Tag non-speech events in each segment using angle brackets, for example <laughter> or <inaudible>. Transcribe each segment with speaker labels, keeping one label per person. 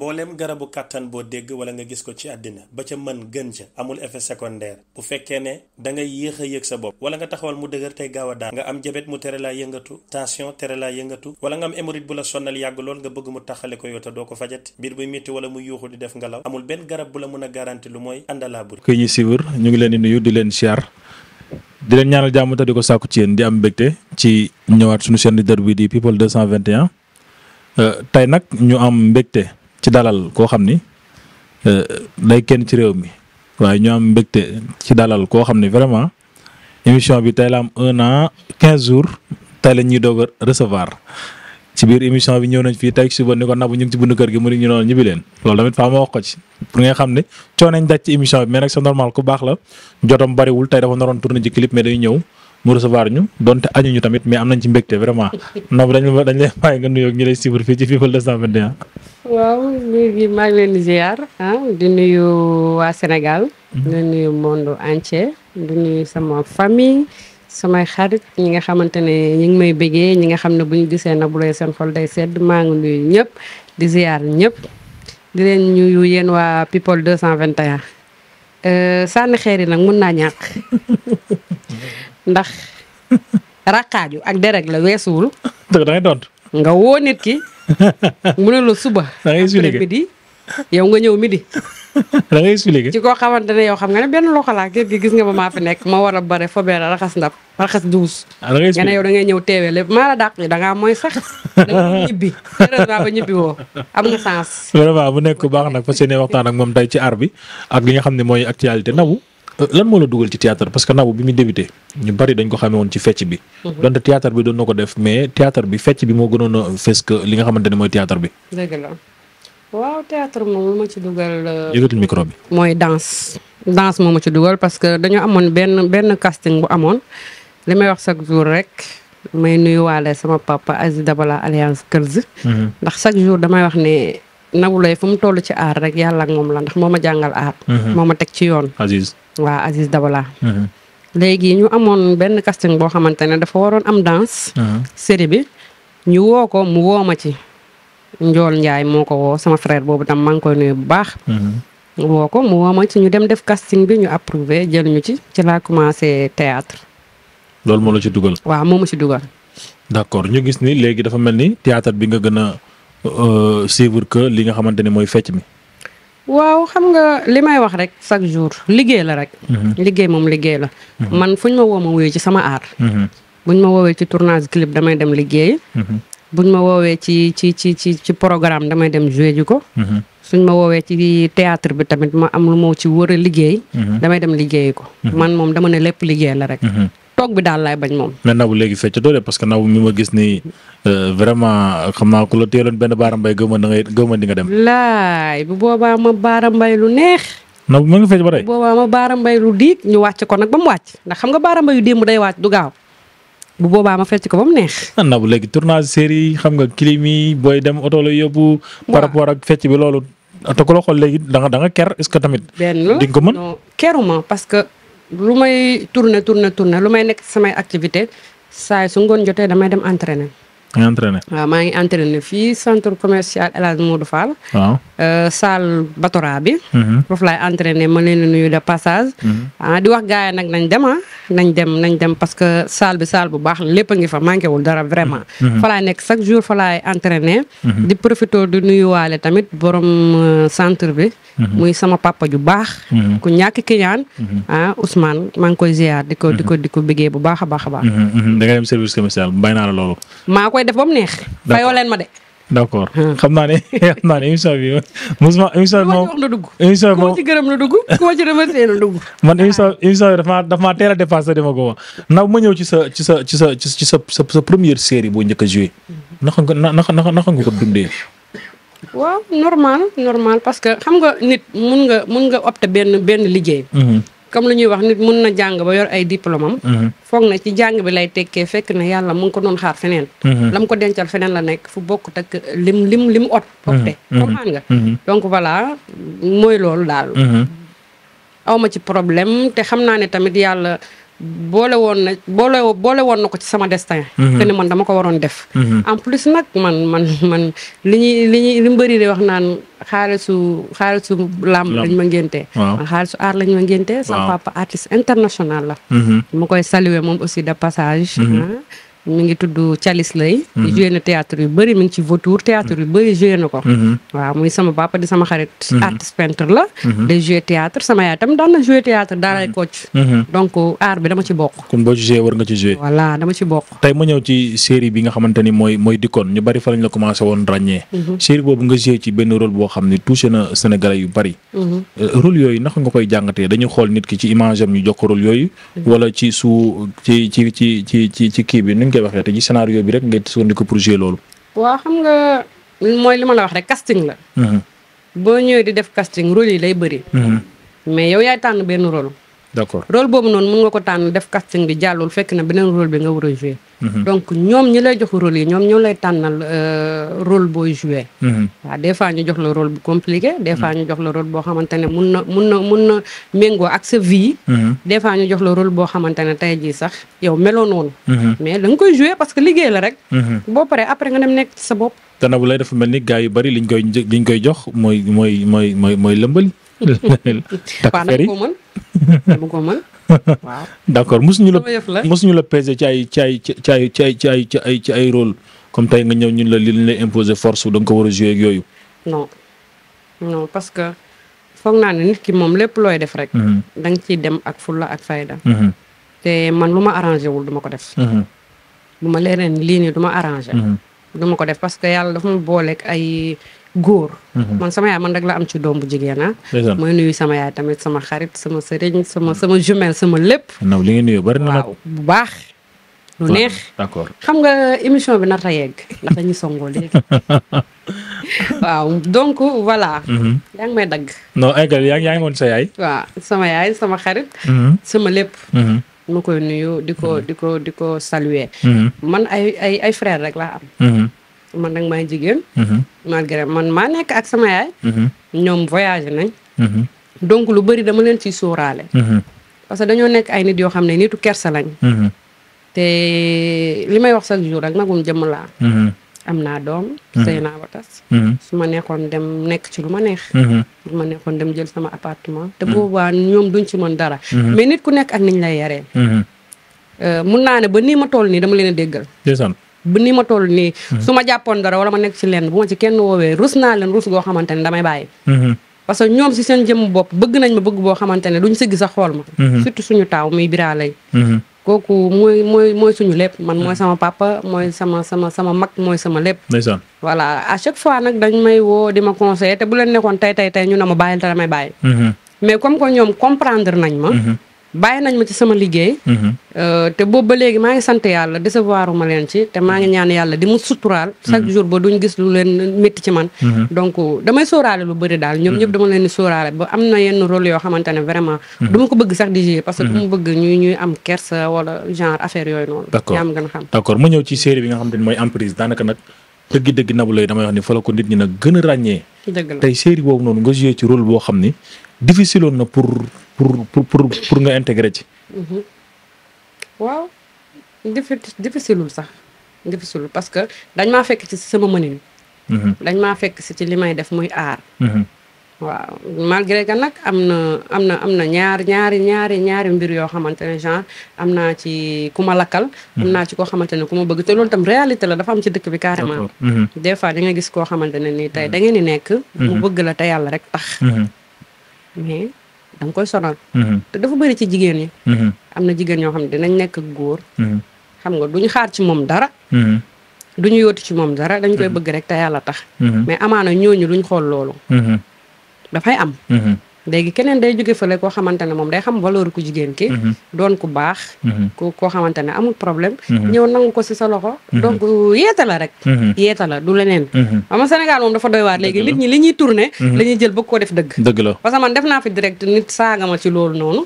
Speaker 1: mbooleem garabu kàttan boo dégg wala nga gis ko ci àddina ba ca mën gën ca amul effet secondaire bu fekkee ne da nga yéex a yëg sa bopp wala nga taxawal mu dëgër tey gaaw a daan nga am jabet mu tere laa yëngatu tension tere laa yëngatu nga am hémorroïde bu la sonnal yàgg lool nga bëgg mu taxale ko yow doo ko fajat biir buy métti wala mu yuuxu di def ngelaw amul benn garab bu la mën a garanti lu mooy àndalaa bur ñu siwur ñu ngi leen di nuyu di leen siyaar di leen ñaanal jàmm te di ko sàkku ci yéen di am ci ñëwaat suñu chaîne leader bi di people 221 euh, tey nag ñu am mbégte ci dalal koo xam ni euh, day kenn ci réew mi waaye ñu am mbégte ci dalal koo xam ni vraiment émission bi tey la am un an quinze jours tey la ñuy doog a recevoir ci biir émission bi ñëw nañ fii tey suba ni ko nabu ñu ngi ci buntu kër gi ne ñu noonu ñibbi leen loolu tamit faa ma wax ko ci pour nga xam ne coonañ daj ci émission bi mais nag normal ku baax la jotom bariwul tey dafa naroon tourner ci clip mais day ñëw. mu recevoir ñu donte añu ñu tamit mais am nañ ci mbégte vraiment <laughs> Nobé dañ la dañ lay bàyyi nga nuyoog ñi lay suivre fii ci People 221.
Speaker 2: waaw nuyu bi maa ngi leen di ziar ah di nuyu waa Sénégal. di mhm. nuyu monde entier di sama famille. samay xarit ñi nga xamante ne ñi ngi may bëggee ñi nga xam ne bu ñu gisee na bu lay seen xol day sedd maa ngi nuyu ñëpp di ziar ñëpp di leen ñuyu yéen waa people 221 euh, sànni xeer yi nag mun naa ñàkk <laughs> ndax raqaaju ak déreg la weesuwul. <laughs> dëgg da doon. nga woo nit ki <laughs> mu ne la suba. da ngay expliqué midi yow nga ñëw midi. <laughs> da ngay expliqué. ci koo xawante ne yow xam nga ne benn loxo laa kër gi gis nga ma maa fi nekk ma war a bare fobeere raxas ndab raxas duus. Ah, da ngay expliqué yow da ngay ñëw teewee lépp maa la dàq da ngaa mooy sax. da nga ñibbi ba ñibbi woo am nga sens.
Speaker 1: vraiment bu nekk bu baax nag fas yéene waxtaan ak moom tey ci aar bi ak li nga xam ne mooy actualité nabu. lan moo la dugal ci théâtre parce que Nabou bi mu débuté ñu bari dañ ko xamee woon ci fecc bi. Mhm. donte théâtre bi doon na ko def mais théâtre bi fecc bi moo gënoon a fës li nga xamante ne mooy théâtre bi.
Speaker 2: ma ci euh, mooy danse danse moom ma ci dugal parce que dañoo amoon benn benn casting bu amoon li may wax chaque jour rek may nuyuwaale sama papa Aziz Dabala alliance Kërz. Mhm. ndax chaque jour damay wax ne. Nabou Leye fu mu toll ci aar rek yàlla ak moom la ndax moo ma jàngal aar. Mhm. moo ma teg ci yoon. Aziz waa Aziz Dabala. Mhm. léegi ñu amoon benn casting boo xamante ne dafa waroon am dance mhm. série bi ñu woo ko mu woo ma ci. Njool Njaay moo ko woo sama frère boobu tam maa ngi koy nuyu bu baax. Mhm. woo ko mu woo ma ci ñu dem def casting bi ñu approuvé jël ñu ci ci laa commencé théâtre
Speaker 1: loolu moo la ci dugal.
Speaker 2: waa moo ma ci dugal.
Speaker 1: d' ñu gis ni léegi dafa mel ni théâtre bi nga gën a euh, suivre que li nga xamante ni mooy fecc mi.
Speaker 2: waaw xam nga li may wax rek chaque jour liggéey la rek. Mhm. liggéey moom liggéey la. Mhm. man fuñ ma woo ma wuyu ci sama aar. Mhm. buñ ma woowee ci tournage clip damay dem liggéey. buñ ma woowee ci ci ci ci ci programme damay dem joué ji ko. suñ ma woowee ci théâtre bi tamit ma am lu moo ci war a liggéey. damay dem liggéey ko. man moom dama ne lépp liggéey la rek. toog bi daal laay bañ moom.
Speaker 1: mais nabu léegi feccatoo de parce que nabu mi ma gis ni euh, vraiment xam naa ku la teeloon benn baaram bay gëmma dem.
Speaker 2: laay bu boobaa ma baaram bay lu neex.
Speaker 1: nabu ma nga fecc ba tey.
Speaker 2: boobaa ma baaram bay lu diig ñu wàcc ko nag ba mu wàcc ndax xam nga baaram bay yu démb day wàcc du gaaw. bu boobaa ma fecc ko ba mu neex.
Speaker 1: ah nabu léegi tournage série xam nga clim booy dem oto la yóbbu. par rapport ak fecc bi
Speaker 2: loolu. te ku la xool léegi da nga da lu may tourner tourner tourner lu may nekk samay activité saa su ngoon jotee damay dem entraîner. nga entraîné waaw maa ngi entraîné fii centre commercial El moo Modou Fall. waaw euh, salle Batora bi. Mhm. foofu laay entraîné ma leen nuyu de passage. Mhm. ah di wax gars yi nag nañ dem ah, nañ dem nañ dem parce que salle bi salle bu baax lépp a ngi fa manqué wul dara vraiment. Mhm. fa laay nekk chaque jour fa laay entraîné. di profité di nuyu waale tamit borom euh, centre bi. muy sama papa ju baax. ku ñàkk client. ah Ousmane maa ngi koy ziar di ko di ko di ko bëggee bu baax a baax a baax.
Speaker 1: da nga dem service commercial mbay naa
Speaker 2: koy def ba mu neex. fayoo leen ma de.
Speaker 1: d' xam naa ne xam naa ne émission bi mosuma émission bi moom wax na dugg émission bi moom ku ma ci gërëm na ma ci remercié na dugg <laughs> a dépassé ko sa ci sa ci sa ci sa sa première série boo a joué naka nga naka naka naka nga ko dundee
Speaker 2: waaw normal normal parce que xam nga nit mun nga mun nga opté benn benn liggéey mhm. comme lu ñuy wax nit mun na jàng ba yor ay diplôme am mhm. foog na ci jàng bi lay tekkee fekk na yàlla mu ngi ko doon xaar feneen mhm. la mu ko dencal feneen la nekk fu bokk tak lim lim lim ot mu mhm. comprendre nga donk voilà mooy loolu daal awma ci problème te xam naa ne tamit yàlla boole woon na boole boole woon na ko ci sama destin. Mhm. que ne man dama ko waroon def. Mhm. en plus nag man man man li ñuy li ñuy li mu bëri di wax naan xaalisu xaalisu làmb lañ ma ngéntee. man xaalisu aar lañ ma ngéntee. sama papa artiste international la. Mhm. ma koy saluer moom aussi de passage. mi ngi tudd Thialis Lay mhm. joué na théâtre yu bëri mi ngi ci vautour théâtre yu bëri joué na ko mhm. waaw muy sama papa di sama xarit mhm. artiste peintre la day joué théâtre sama yaay tam daan na théâtre daanay coach
Speaker 1: donc art bi dama ci bokk kon boo ci war nga ci joué voilà dama ci bokk tey ma ñëw ci série bi nga xamante ni mooy mooy dikkoon ñu bëri fa lañ la commencé woon ràññee série boobu nga joué ci benn rôle boo xam ne touché na sénégalais yu bëri euh, rôle yooyu naka nga koy jàngatee dañu xool nit ki ci image am ñu jox ko rôle yooyu wala ci su ci ci ci ci ci kii koy waxee te ci scénario bi rek ngay sukkandiku pour jouer loolu.
Speaker 2: waaw xam nga mooy li ma la wax rek casting la. Mhm. boo ñëwee di def casting rôle yi lay bëri. Mhm. mais yow yaay tànn benn rôle. d'accord rôle boobu noonu mën nga ko tànn def casting bi jàllul fekk na beneen rôle bi nga war a joué. Mhm. donc ñoom ñi lay jox role yi ñoom ñoo lay tànnal euh, rôle booy joué. Mhm. waaw des fois ñu jox la role bu compliqué. des fois mhm. ñu jox la rôle boo xamante ne mun na mun na mun na méngoo ak sa vie. des fois ñu jox la rôle boo xamante ne tey jii sax yow meloo noonu. mais da nga koy joué parce que liggéey la rek. boo paree après nga dem nekk ci sa bopp.
Speaker 1: te bu lay dafa mel ni gars yu bari liñ koy jox mooy mooy mooy mooy mooy lëmbali. waaw nag ko
Speaker 2: mën bu ko mën
Speaker 1: waaw. d' accord mosuñu la mosuñu la peser ci ay ci ay ci ay ci ay ci ay ci comme tey nga ñëw ñun la li ñu lay force da nga ko war a jouer yooyu.
Speaker 2: non non parce que foog naa ne nit ki moom lépp looy def rek. Mhm. danga ciy dem ak fulla ak fayda. Mhm. te man lu ma arrangé wul du ma ko def. Mhm. lu ma leereen lii nii du ma arrangé. ko def parce que yàlla dafa ma booleeg ay. góor. Mhm. man sama yaay man rek la am ci doom bu jigéen ah. mooy nuyu sama yaay tamit sama xarit sama sëriñ sama sama jumelle sama lépp. non li ngeen nuyoo bari na bu baax. lu xam nga émission bi nata yegg ndax dañuy songoo léegi. <laughs> waaw donc mhm. dagg.
Speaker 1: non ay gal yaa
Speaker 2: sama yaay sama xarit. Mhm. sama lépp.
Speaker 1: ma
Speaker 2: nuyu di ko di ko di ko saluer. man ay ay ay rek laa am. man nag maay jigéen. Mhm. malgré man maa nekk ak sama yaay. Mhm. ñoom voyagé nañ. Mhm. donc lu bëri dama leen ciy sooraale parce que dañoo nekk ay nit yoo xam ne nitu kersa lañ. te li may wax chaque jour ak magum jëmm laa. am naa doom. sëy naa ba tas. su ma nekkoon dem nekk ci lu ma neex. su ma nekkoon dem jël sama appartement. te boobaa ñoom duñ ci mën dara. mais nit ku nekk ak niñ lay yaree. Euh, mun naa ne ba nii ma toll nii dama leen a déggal. bu ni ma toll nii. Mm-hmm. su ma jàppoon dara wala ma nekk ci lenn bu ma ci kenn woowee rus naa leen rus goo xamante ne damay bàyyi. Mm-hmm. parce que ñoom si seen jëm bopp bëgg nañ ma bëgg boo xamante ne duñ sëgg sa xool ma. Mm-hmm. surtout suñu taaw muy biraa lay. kooku mooy mooy mooy suñu lépp man mooy sama papa mooy sama sama sama mag mooy sama lépp. ndeysaan voilà à chaque fois nag dañ may woo di ma conseiller te bu leen nekkoon tey tey tey ñu ne ma bàyyil te damay bàyyi. mais comme que ñoom comprendre nañ ma. bàyyi nañ ma ci sama liggéey. Mhm. Euh, te boobu ba léegi maa ngi sant yàlla décevoir ma leen ci te maa ngi ñaan yàlla di mu suturaal. Mhm. chaque jour ba duñ gis lu leen métti ci man. Mhm. donc damay sóoraale lu bari daal ñoom ñëpp dama leen di sóoraale ba am na yenn rôle yoo xamante ne vraiment. du ma ko bëgg sax di jouer parce que du ma bëgg ñuy ñuy am kersa wala genre affaire yooyu noonu. d'accord yaa gën a xam.
Speaker 1: d'accord ma ñëw ci série bi nga xam ne mooy emprise daanaka nag dëgg-dëgg Nabou Leye damay gën a ràññee. dëgg la tey série boobu noonu xam ni difficile na pour pour pour pour nga intégrer ci.
Speaker 2: Mhm. waaw difficile sax difficile parce que dañ maa fekk ci sama mënin. Mhm. dañ maa fekk si ci li may def muy aar. Mhm. waaw malgré que nag am na am na am na ñaar ñaari ñaari ñaari mbir yoo xamante ne genre am naa ci ku ma lakkal. am naa ci koo xamante ne ku ma bëgg te loolu tam réalité la dafa am ci dëkk bi carrément. des fois da nga gis koo xamante ne nii tey da ngeen di nekk. mu bëgg la te yàlla rek tax. mais da koy sonal. Mm-hmm. te dafa bëri ci jigéen ñi. Mm-hmm. am na jigéen ñoo xam ne dinañ nekk ak góor. Mm-hmm. xam nga duñu xaar ci moom dara. duñu yóotu ci moom dara dañ koy bëgg rek te yàlla tax. mais amaana ñooñu duñ xool loolu. dafay am. léegi keneen day jóge fële koo xamante ne moom day xam valeur ku jigéen ki mhm. doon ku baax mhm. ku koo xamante amul problème mhm. ñëw nangu ko si sa loxo donc yeeta la rek yeeta la du leneen ama Sénégal moom dafa doy waar léegi nit ñi li ñuy tourné la ñuy jël bëgg ko def
Speaker 1: dëgg dëgg la parce
Speaker 2: que man def naa fi direct nit saaga ma ci loolu noonu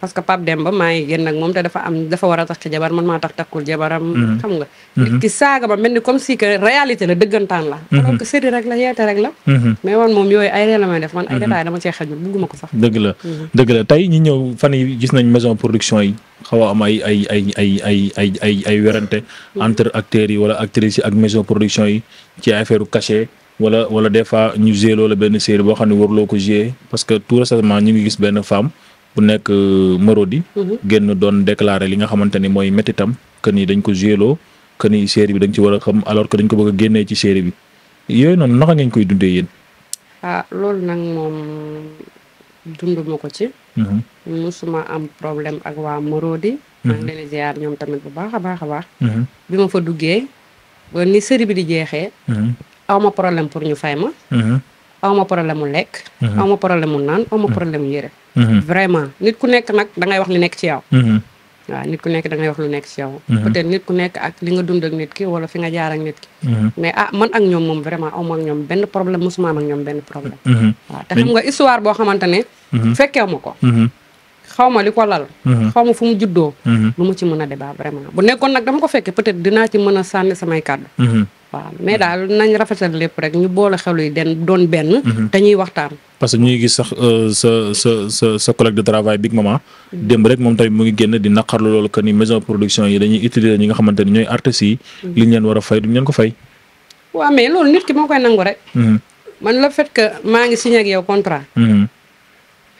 Speaker 2: parce que Pape Demba maa ngi génn ak moom te dafa am dafa war a tax jabar man maa tax takkul jabaram xam nga nit ki saaga ma mel ni comme si que réalité la la
Speaker 1: alors
Speaker 2: la yeete ma ko sax.
Speaker 1: dëgg la mm-hmm. dëgg la tey ñi ñëw fan yi gis nañ maison production yi xaw am ay ay ay werante mm-hmm. entre acteurs yi wala actrices yi ak maison production yi ci affaire cachet wala wala des fois ñu gérer loola benn série boo xam ne loo ko gérer parce que tout récemment ñu ngi gis benn femme. bu nekk euh, Marodi. Mm-hmm. génn doon déclaré li nga xamante ni mooy méttitam que ni dañ ko jéloo que ni série bi dañ ci war a xam alors que dañ ko bëgg a génnee ci série bi yooyu noonu naka ngeen koy dundee yéen.
Speaker 2: Ah, dunduma ko ci mm-hmm. mu suma am problème ak waa Marodi mm-hmm. maa ngi leen ziar ñoom tamit bu baax a baax a baax mm-hmm. bi ma fa duggee ba ni série bi di jeexee aw ma problème pour ñu fay ma aw ma problème mu lekk aw ma problème mu naan aw ma problème yére vraiment nit ku nekk nag da ngay wax li nekk ci yow waaw nit ku nekk da ngay wax lu nekk si yow. Mhm. peut nit ku nekk ak li nga dund ak nit ki wala fi nga jaar ak nit ki. Mhm. mais a ah, man ak ñoom moom vraiment aw ak ñoom benn problème musuma am ak ñoom benn problème.
Speaker 3: Mhm. waaw te xam nga histoire
Speaker 2: boo xamante ne. fekkee ma ko. xaw ma li ko lal. Mhm. xaw ma fu mu juddoo. lu mhm. mu ci mën a débat vraiment bu nekkoon nag dama ko fekkee peut-être dinaa ci mën a sànni samay kàddu. Mhm. waaw mais daal nañ rafetal lépp rek ñu boole xelu yi den doon benn. ñuy waxtaan.
Speaker 1: parce que ñu ngi gis sax euh, sa sa sa sa collègue de travail Big Mama. démb rek moom tamit mu ngi génn di naqarlu loolu que ni maison production yi dañuy utiliser ñi nga xamante ni ñooy artistes yi. li ñu leen war a fay duñ leen ko fay.
Speaker 2: waaw mais loolu nit ki moo koy nangu man le fait que ngi signé ak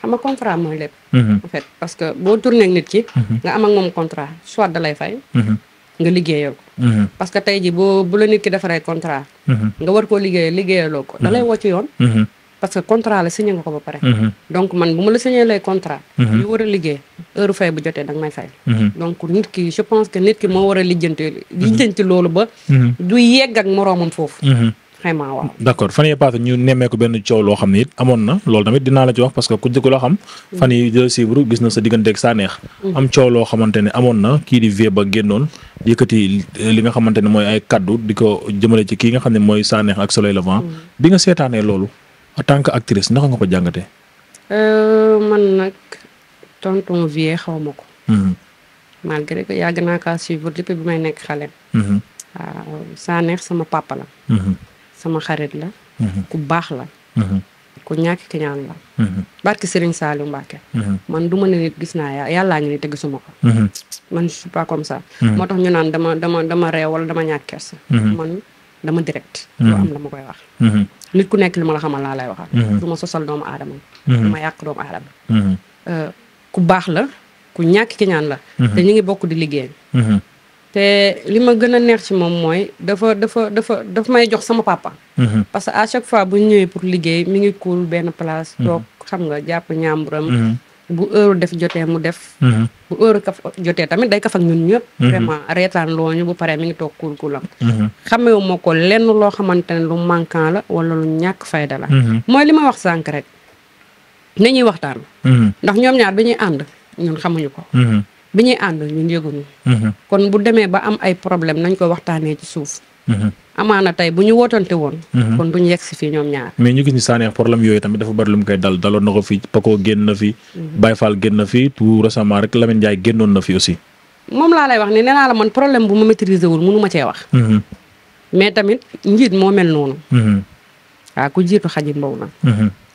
Speaker 2: am a contrat mooy lépp. Mhm. parce que boo tourné ak nit ki. Mhm. nga am ak moom contrat soit da lay fay. Mhm. nga liggéeyal ko. parce que tey jii boo bu la nit ki defaree contrat. nga war koo liggéeyal liggéeyaloo ko. dalay lay woo ci yoon. parce que contrat la signé nga ko ba pare. donc man bu ma la signé lay contrat. yu war a liggéey heure fay bu jotee da may fay. donc nit ki je pense que nit ki moo war a lijjanti. lijjanti loolu ba. du yegg moroomam foofu. vraiment waaw.
Speaker 1: d'accord fan yii paase ñu nemmeeku benn coow loo xam ne it amoon na loolu tamit dinaa la ci wax parce que ku jëkk loo xam. fan yii di la gis na sa digganteeg Sanekh. Mm. am coow loo xamante ne amoon na kii di Vieux Ba génnoon yëkkati li nga xamante ne mooy ay kaddu di ko jëmale ci kii nga xam ne mooy Sanekh ak Soleil Levant. Mm. bi nga seetaanee loolu en tant que actrice naka nga ko jàngatee.
Speaker 2: Euh, man nag tonton Vieux xaw ma ko. Mm-hmm. malgré que yàgg naa kaa suivre depuis bi may nekk xale. Mm-hmm. waaw Sanekh sama papa sama xarit la mm-hmm. ku baax la mm-hmm. ku ñàkk ki ñaan la mm-hmm. barki Serigne Saliou Mbacké man du ma ne nit gis naa yàllaa ñu ne te gisuma ko man je suis pas comme ça moo tax ñu naan dama dama dama réew wala dama ñàkk kersa man dama direct loo am la ma koy wax nit ku nekk li ma la xamal laa lay waxal du ma sosal doomu aadama du ma yàq doomu aadama euh, ku baax la ku ñàkk ki ñaan la te ñu ngi bokk di liggéey te li ma gën a neex ci moom mooy dafa dafa dafa dafa may jox sama pàppa mm-hmm. parce que à chaque fois bu ñëwee pour liggéey mi ngi kuul benn place. Mm-hmm. toog xam nga jàpp ñaamburam. Mm-hmm. bu heure def jotee mu def. bu heure kaf jotee tamit day kaf ak ñun ñëpp. vraiment reetaan looñu bu paree mi ngi toog kuul kuulam. xamewu ko lenn loo xamante ne lu manquant la wala lu ñàkk fayda la. mooy li ma wax sànq rek. nañuy waxtaan. ndax ñoom ñaar bi ñuy ànd ñun xamuñu ko. bi ñuy ànd ñun yëguñu mhm. kon bu demee ba am ay problème nañ ko waxtaanee ci suuf mhm. amaana tey bu ñu wootante woon mhm. kon duñu yegg si fii ñoom ñaar
Speaker 1: mais ñu gis ni Sanex problème yooyu tamit dafa bari lu mu koy dal daloon na ko fi Paco génn na fi Baye Fall génn na fi tout récemment rek Lamine Ndiaye génnoon na fi aussi
Speaker 2: moom laa lay wax ne nee naa la man problème bu ma maîtriser wul mënu ma cee wax mais tamit njiit moo mel noonu waaw ku jiitu xaji mbow na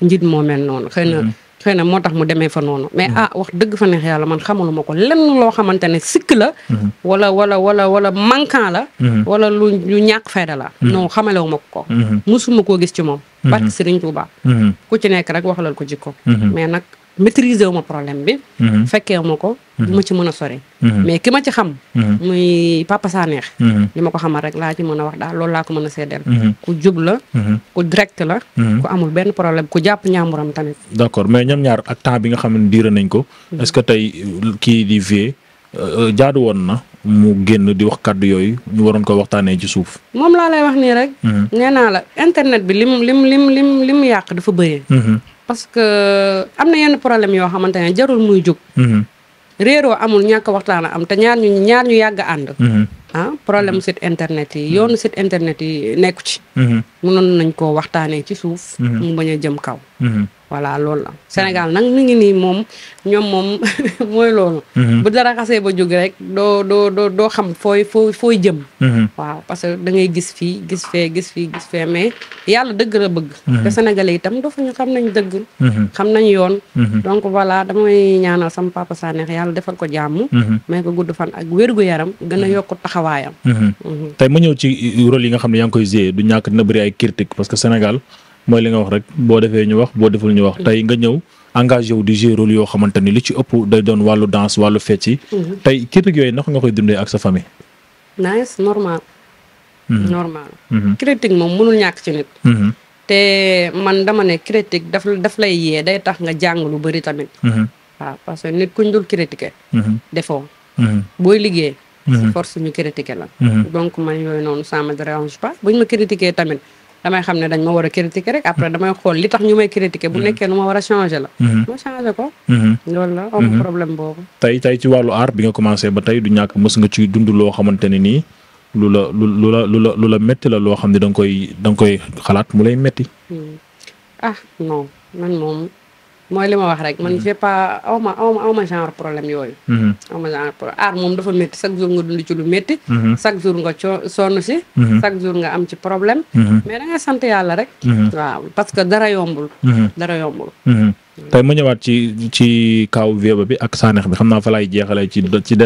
Speaker 2: njiit moo mel noonu xëy na xëy na moo tax mu demee fa noonu mais hmm. ah wax dëgg fa neex yàlla man xamaluma ko lenn loo xamante ne sikk la hmm. wala wala wala wala manquant la hmm. wala lu lu ñàkk fayda la non xamalewu ma ko ko musuma koo gis ci moom barke Serigne Touba ku ci nekk rek waxalal ko jikko mais nag maîtriser wu ma problème bi. Mhm. fekkee ma ko. Mhm. du ma ci mën a sore mhm. mais ki ma ci xam. muy papa Saneex. li ma ko xamal rek laa ci mën a wax daal loolu laa ko mën a seedeel. ku jub la. ku direct la. ku amul benn problème ku jàpp ñaamuram tamit.
Speaker 1: d'accord mais ñoom ñaar ak temps bi nga xam ne nañ ko. est que tey kii di vie. Euh, euh, jaadu woon na mu génn di wax kàddu yooyu ñu waroon ko waxtaanee ci suuf.
Speaker 2: moom laa lay wax nii rek. Mhm. nee naa la internet bi lim lim lim lim lim yàq dafa bëree mhm. parce que euh, am na yenn problème yoo xamante ne jarul muy jóg. Mhm. réeroo amul ñàkk waxtaan am te ñaar ñu ñaar ñu yàgg ànd. ah problème site internet yi yoonu site internet yi nekku ci. mënoon nañ koo waxtaanee ci suuf. mu bañ a jëm kaw. voilà loolu la Sénégal nag mi ngi nii moom ñoom moom <laughs> mooy loolu.
Speaker 3: Mhm. bu dara
Speaker 2: xasee ba jóg rek doo doo doo doo xam fooy fooy fooy jëm. Mhm. waaw parce que da ngay gis fii gis fee gis fii gis mais yàlla dëgg la bëgg. Mhm. te Sénégalais itam dafa ñu xam nañ dëgg. xam nañ yoon. donc voilà damay ñaanal sama papa Sanex yàlla defal ko jàmm. may ko gudd fan ak wérgu yaram gën a yokk taxawaayam.
Speaker 1: tey ma ñëw ci rôle yi nga xam ne yaa ngi koy joué du ñàkk dina bëri ay critique parce que Sénégal. mooy li nga wax rek boo defee ñu wax boo deful ñu wax tey nga ñëw engagé wu di jouer yoo xamante ni lu ci ëpp day doon wàllu danse wàllu fecc yi. Mhm. tey critique yooyu naka nga koy dundee ak sa famille.
Speaker 2: nice normal. Mhm. normal. Mhm. critique moom mënul ñàkk ci nit. te man dama ne critique daf daf lay day tax nga jàng lu bëri tamit. parce que nit kuñ dul critiquer. defoo. booy liggéey. force ñu critiquer la. donc man yooyu noonu ça me dérange pas buñ ma critiquer tamit. damay xam ne dañ ma war a critiquer rek après damay xool li tax ñu may critiquer bu mm-hmm. nekkee nu ma war a changer la mm-hmm. ma changer ko mm-hmm. loolu la problème boobu
Speaker 1: tey tey ci wàllu art bi nga commencé ba tey du ñàkk mës nga ci dund loo xamante ne nii lu la lu la lu la lu la métti la loo xam ne danga koy da koy xalaat mu lay métti mm.
Speaker 2: ah non moom mooy li ma wax rek man mhm. j'ai pas aw ma aw ma aw ma genre problème yooyu mhm. aw genre problème aar moom dafa métti chaque jour nga dund ci lu métti mhm. chaque jour nga coo sonn si chaque jour nga am ci problème mais da sant yàlla rek waaw parce que dara yombul dara yombul
Speaker 1: tey ma ñëwaat ci ci kaw Vieux bi ak Sanekh bi xam naa fa laay jeexalee ci ci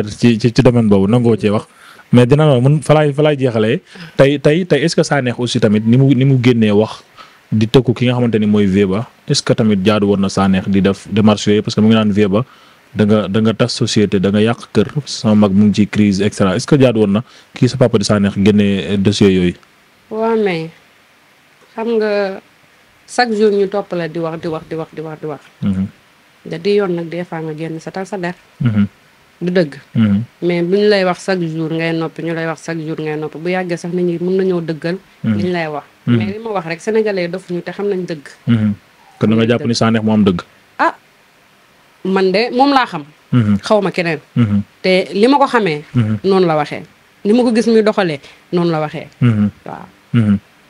Speaker 1: ci ci domaine boobu nangoo cee wax mais dina la mën fa laay fa laay tey tey tey est-ce que Sanekh aussi tamit ni mu ni mu génnee wax di tëkku ki nga xamante ni mooy Weber est-ce que tamit jaadu woon na Sanekh di def démarche yooyu parce que mu ngi naan Weber da nga da nga tas société da nga yàq kër sama mag mu ngi ci crise et cetera est-ce que jaadu woon na kii sa papa di Sanekh génnee eh, dossier yooyu.
Speaker 2: waaw mais xam nga chaque jour ñu topp la di wax di wax di wax di wax di wax. Mm-hmm. da di yoon nag des fois nga génn sa tal sa der. Mm-hmm. du dëgg. Mm-hmm. mais bu ñu lay wax chaque jour ngay noppi ñu lay wax chaque jour ngay noppi bu yàggee sax nit ñi mën nañoo wax. Mm-hmm. mais li ma wax rek sénégalais dofuñu te xam nañ dëgg.
Speaker 1: Mm-hmm. kon da nga jàpp ni Sanekh moo am dëgg.
Speaker 2: ah man de moom laa xam. Mm-hmm. xaw ma keneen. te li ma ko xamee. noonu la waxee. ni ma ko gis muy doxalee noonu la waxee. waaw.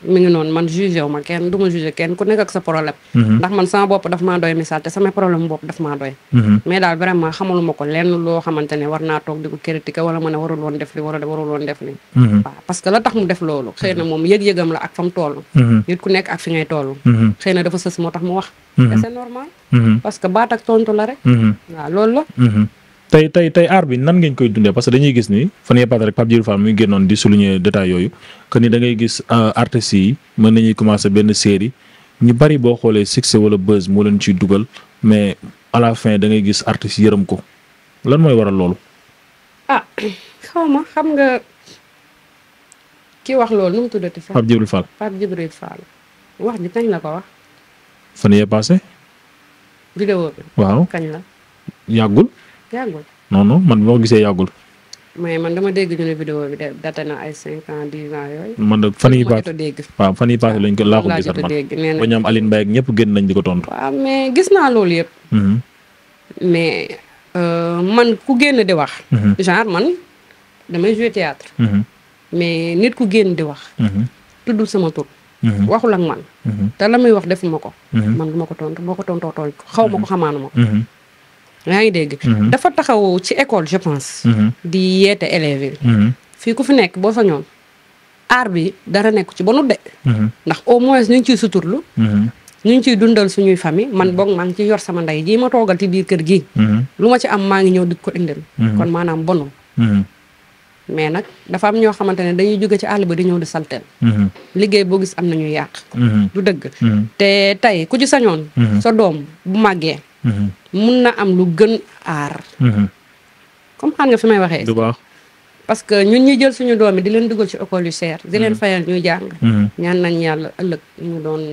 Speaker 2: mi ngi noonu man jugé wu ma kenn du ma jugé kenn ku nekk ak sa problème. Mhm. ndax man sama bopp daf maa doy misaal te sama problème bopp daf maa doy. Mhm. mais daal vraiment xamaluma ko lenn loo xamante ne war naa toog di ko critiquer wala ma ne warul def li war a warul woon def li mhm. waaw parce que la tax mu def loolu xëy na moom yëg-yëgam la ak fa mu toll. nit ku nekk ak fi ngay toll. xëy dafa sës moo tax mu wax. te c'est normal. parce que baat tontu la rek.
Speaker 1: waaw loolu la. tey tey tey aar bi nan ngeen koy dundee parce que dañuy gis ni fan yee paase rek Pape Djibril Fall mi ngi que ni da ngay gis euh, artistes yi mën nañuy commencer benn série ñu bari boo xoolee succès wala buzz moo leen ciy dugal mais à fin da ngay gis artistes yërëm ko lan mooy waral loolu.
Speaker 2: ah <coughs> xam nga ki wax loolu nu mu tuddati sax. Pape Djibril Fall Pape wax ji kañ la ko wax.
Speaker 1: fan yee waaw kañ la. yàggul. yàggul. non non man boo gisee yàggul.
Speaker 2: mais man dama dégg ñu ne vidéo bi de na ay cinq ans dix ans yooyu.
Speaker 1: man de fan yii paase waaw fan yii paase lañ ko laaxu gisat man ba ñoom Aline Mbaye ak ñëpp génn nañ di
Speaker 2: ko tontu. waaw gis naa loolu yëpp. Mm-hmm. mais euh, man ku génn di wax. Mm-hmm. genre man damay jouer mm-hmm. mais nit ku génn di wax. tuddul sama tur. waxul ak man. te la may wax defuma ko. man du ko tontu boo ko tontoo tooñ ko xaw ma ko xamaanuma yaa ngi dégg. Mhm. dafa taxaw ci école je pense. Mhm. di yeete élèves mhm. fii ku fi nekk boo fa ñoom aar bi dara nekk ci ba nu de. ndax au moins ñu ngi ciy suturlu. ñu ciy dundal suñuy famille man boog maa ngi ciy yor sama nday jii ma toogal ci biir kër gi. lu ma ci am maa ngi ñëw di ko indil. kon maanaam bonul. mais nag dafa am ñoo xamante ne dañuy jóge ci àll ba di ñëw di salteel liggéey boo gis am na ñuy yàq. du dëgg. te tey ku ci sañoon. sa doom bu màggee. mun na am lu gën aar. Mhm. comme xam nga fi may waxee. du parce que ñun ñi jël suñu doom yi di leen dugal ci école yu seer di leen mhm. fayal ñuy jàng. Mhm. ñaan nañ yàlla ëllëg ñu doon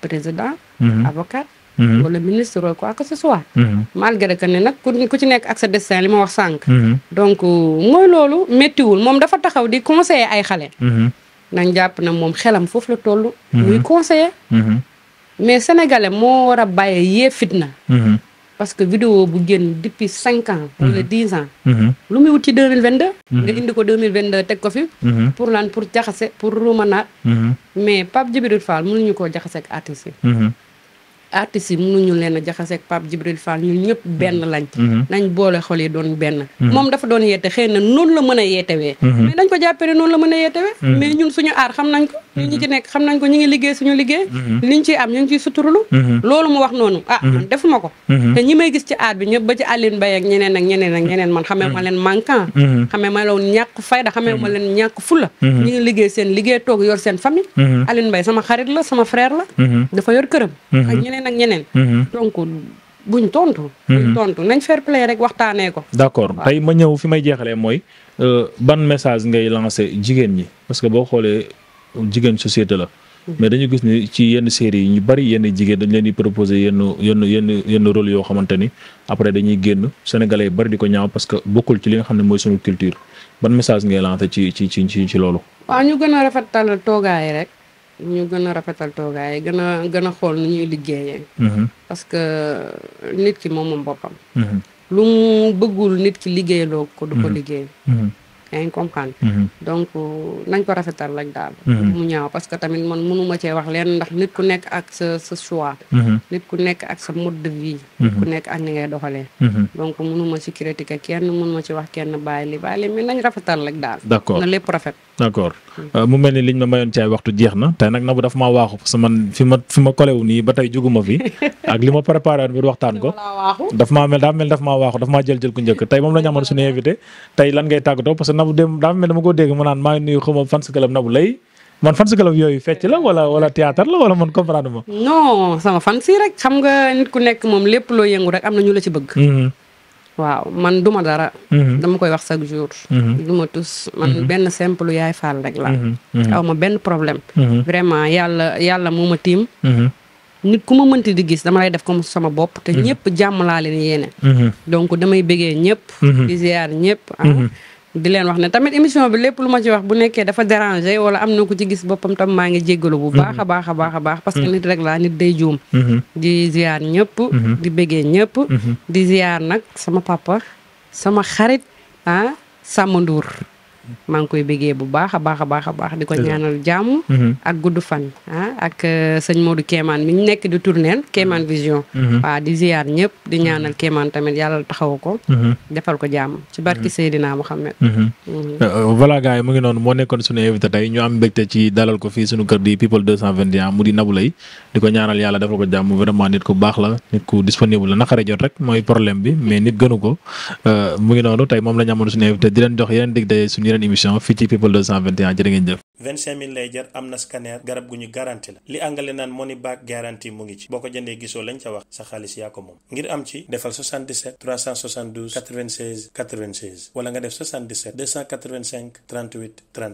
Speaker 2: président. avocat. wala ministre wala ak que ce soit. malgré que ne nag ku ci nekk ak sa destin li ma wax sànq. donc mooy loolu méttiwul moom dafa taxaw di conseiller ay xale. nañ jàpp na moom xelam foofu la toll. muy conseiller. mais sénégalais moo war a bàyyi yee fitna. Mhm. parce que vidéo bu génn depuis cinq ans. Mhm. wala dix mhm. lu muy wut ci deux mille vingt deux. nga indi ko deux mille vingt deux teg ko fi. pour lan pour jaxase pour ruumanaat. mais Pape Djibril Fall mënuñu koo ñu ak artistes yi. artistes yi mënuñu leen a jaxaseeg Pape Djibril Fall ñun ñëpp mhm. benn lañ. Mhm. nañ boole xol doon benn. Mhm. moom dafa doon yeete xëy na noonu la mën a yeetewee. mais dañ ko jàppee ne noonu la mën a yeetewee. mais ñun suñu aar xam nañ ko. ñun ñu ngi liggéey suñu liggéey. liñ ciy am ñu ngi ciy suturlu. loolu mu wax noonu ah man defuma ko. te ñi may gis ci aar bi ñëpp ba ci Aline Mbaye ak ñeneen ak ñeneen ak ñeneen man xamee ma leen manquant. xamee ma leen ñàkk fayda xamee ma leen ñàkk fula. ñu ngi liggéey seen liggéey toog yor seen famille. Aline Mbaye sama xarit sama frère la. dafa yor këram. ñeneen ak ñeneen. Mhm. donc buñ tontu. buñ mhm. tontu nañ fair play rek waxtaanee ko.
Speaker 1: d'accord tey ma ñëw fi may jeexalee mooy euh, ban message ngay lancé jigéen ñi parce que boo xoolee jigéen société la. Mhm. mais dañu gis ni ci yenn série yi ñu bari yenn jigéen dañ leen di proposer yenn yenn yenn yenn rôle yoo xamante ni après dañuy génn sénégalais yi bari di ko ñaaw parce que bokkul ci li nga xam ne mooy sunu culture ban message ngay lancé ci ci ci ci loolu.
Speaker 2: waaw ñu gën a rafetal toogaay rek. ñu gën a rafetal toogaay gën a gën a xool nu ñuy liggéeyee. Mhm. parce que nit ki moom moom boppam. Mhm. lu mu bëggul nit ki liggéeyaloo ko. du ko mhm. liggéey. yaa ngi donc nañ ko rafetal rek daal. mu ñaaw parce que tamit man mënuma cee wax leen ndax nit ku nekk ak sa sa choix. nit ku nekk ak sa mode de vie. nit ku nekk ak ni ngay doxalee. donc mënuma ci critiquer kenn mënuma ci wax kenn bàyyi li bàyyi li mais nañ rafetal rek daal. na lépp rafet. d' accord
Speaker 1: euh, mu mel ni liñ ma mayoon ci waxtu jeex na tey nag Nabou dafa maa waaxu parce que man fi ma kolewu nii ba tey juguma fi ak li ma préparé woon biir waxtaan ko <laughs> dafa maa mel daa dafa maa waaxu dafa maa jël jël ku njëkk tey moom la dama ko dégg mu naan maa ngi nuyu xuma fans club Nabou Leye man fans club yooyu fecc la wala wala la wala man comprendre ma.
Speaker 2: non sama fans yi rek xam nga nit ku nekk moom lépp loo yëngu rek am na ñu ci bëgg. Mm-hmm. waaw man duma dara. Mm-hmm. dama koy wax chaque jour. Mm-hmm. duma tus man mm-hmm. benn simple yaay faal rek la aw ma benn problème. vraiment yàlla yàlla moo ma tiim. nit ku ma mënti di gis dama lay def comme sama bopp te ñëpp jàmm laa leen yéene. donc damay bëggee ñëpp. di ziar ñëpp. Ah. di leen wax ne tamit émission bi lépp lu ma ci wax bu nekkee dafa dérangé wala am na ku ci gis boppam tam maa ngi jéggalu bu baax a baax a baax a baax parce que mm-hmm. nit rek laa nit day juum mm-hmm. di ziar ñëpp mm-hmm. di bëggee ñëpp di ziar nag sama papa sama xarit ah Samba Ndour maa ngi koy bëggee bu baax a baax a baax a baax di ko ñaanal jàmm mhm. ak gudd fan ah ak euh, sëñ Modou Kéemaan mi ñu nekk di tourneel Kéemaan Vision mhm. waaw di ziyaar ñëpp di ñaanal Kéemaan tamit yàlla taxaw ko mhm. defal ko jàmm ci barki Seydina Mouhamed
Speaker 1: euh, euh, voilà gars yi mu ngi noonu moo nekkoon suñu invité tey ñu am mbégte ci dalal ko fii suñu kër di people 221 mu di Nabou Leye di ko ñaanal yàlla defal ko jàmm vraiment nit ku baax la nit ku disponible naqare jot rek yeneen émission fii ci People 221 jërë ngeen jëf. 25000 lay jar am na scanner garab gu ñu garanti la li angale naan money back guarantee mu ngi ci boo ko jëndee gisoo lañ ca wax sa xaalis yaa ko moom ngir am ci defal 77 nga def 77 285